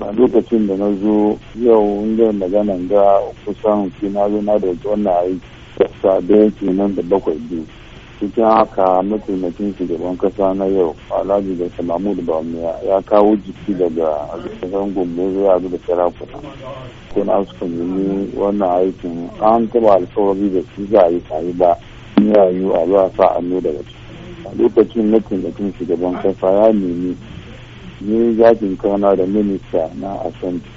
ba lokacin da na zo yau inda magana ga kusan shi na zo na da wannan aiki sa daya nan da bakwai biyu cikin haka mataimakin shugaban kasa na yau alhaji da salamu da bamiya ya kawo jiki daga asibitin gombe zuwa da sarakuna kuna su nemi wannan aikin an taba alfawari da su za a yi tare ba yayu a zuwa sa annu daga ciki lokacin mataimakin shugaban kasa ya nemi ne yakin kauna da minista na asanti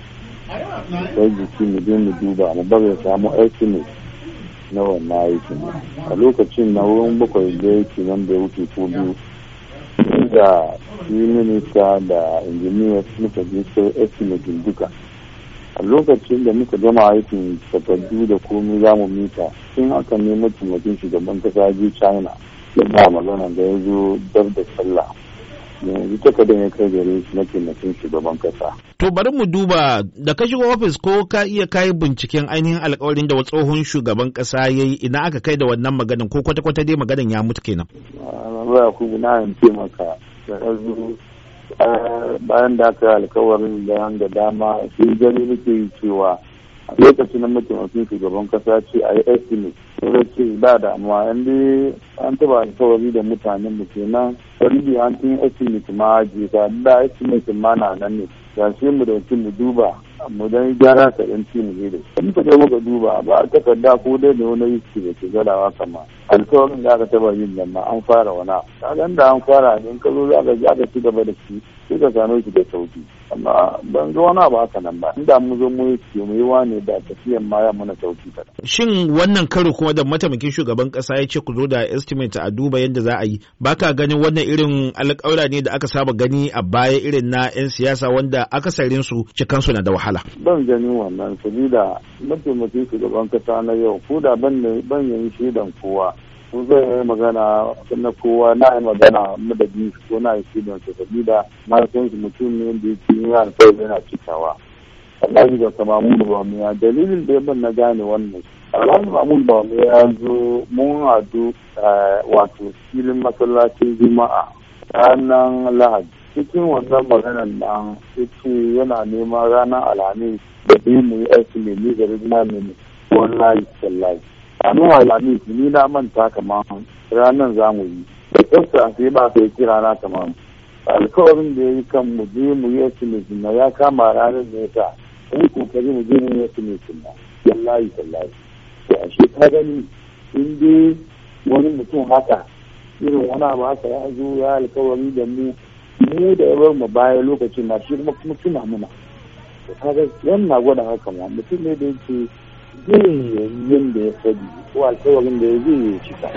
sai jiki mu je mu duba mu bari samu estimate na wannan aikin a lokacin na wurin bakwai da yake nan da wuce ko biyu da yi minista da injiniya sun je sai estimate duka a lokacin da muka gama aikin sakaddu da komi za mu mita sun haka ne mataimakin shugaban kasa je china da magana da ya zo dar da sallah yanzu da ya kai gare shi mataimakin shugaban kasa. To bari mu duba da ka shiga ofis ko ka iya kayi binciken ainihin alkawarin da tsohon shugaban kasa ya yi ina aka kai da wannan maganin ko kwata-kwata dai maganin ya mutu kenan. Ba kuma na yin taimaka da ɗazu bayan da aka yi alkawarin da yan dama sai gani nake cewa a lokacin na mataimakin shugaban kasa ce a yi estimate sai ce ba amma yan bi an taba alkawari da mutanen mu kenan wani an tun estimate ma je da estimate ma na nan ne ga mu da mu duba mu dan gyara ka dan ci mu da shi in fita muka duba ba takarda ko dai da wani yake da ke gadawa kama. alkawarin da aka taba yin nan ma an fara wana kagan da an fara in ka zo za ka ci gaba da shi sai ka gano shi da sauki amma ban zo wani ba haka nan ba inda mu zo mu yi mu yi wani da tafiyan ma ya mana sauki ta shin wannan karo kuma da mataimakin shugaban ƙasa ya ce ku zo da estimate a duba yadda za a yi ba ka ganin wannan irin alƙawura ne da aka saba gani a baya irin na 'yan siyasa wanda aka su cikansu na da wahala. wahala ban ganin wannan sabida mataimakin shugaban kasa na yau ko da ban ban yin shaidan kowa ko zai yi magana na kowa na yi magana madadi ko na yi shaidan su sabida na san su mutum ne da yake yin alfahari yana cikawa Alhaji da mu ya dalilin da ban na gane wannan Alhaji ba mu ya zo mun hadu eh, wato filin masallacin Juma'a ranar Lahadi cikin wannan maganar nan ce yana neman ranar alhamis da bi mu yi aiki ne ni da rigina ne wallahi sallahi ranar alhamis ni na manta kamar ranar za mu yi da tsafta sai ba sai kira na kamar alkawarin da ya kan mu je mu yi aiki ne ya kama ranar da ya sa sai kokari mu je mu yi aiki ne wallahi sallahi to a shi ka gani in dai wani mutum haka irin wani abu haka ya zo ya alkawari da mu mu da ya bar mu baya lokaci na shi kuma tuna muna kaga yan na gwada haka ma mutum ne da yake zai yin da ya sani ko alkawarin da ya zai yi cika.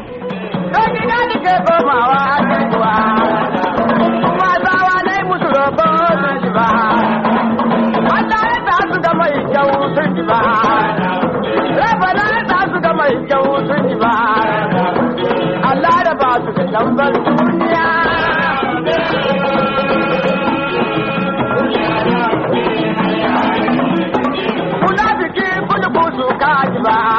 a Allah da ba su da tambar duniya. the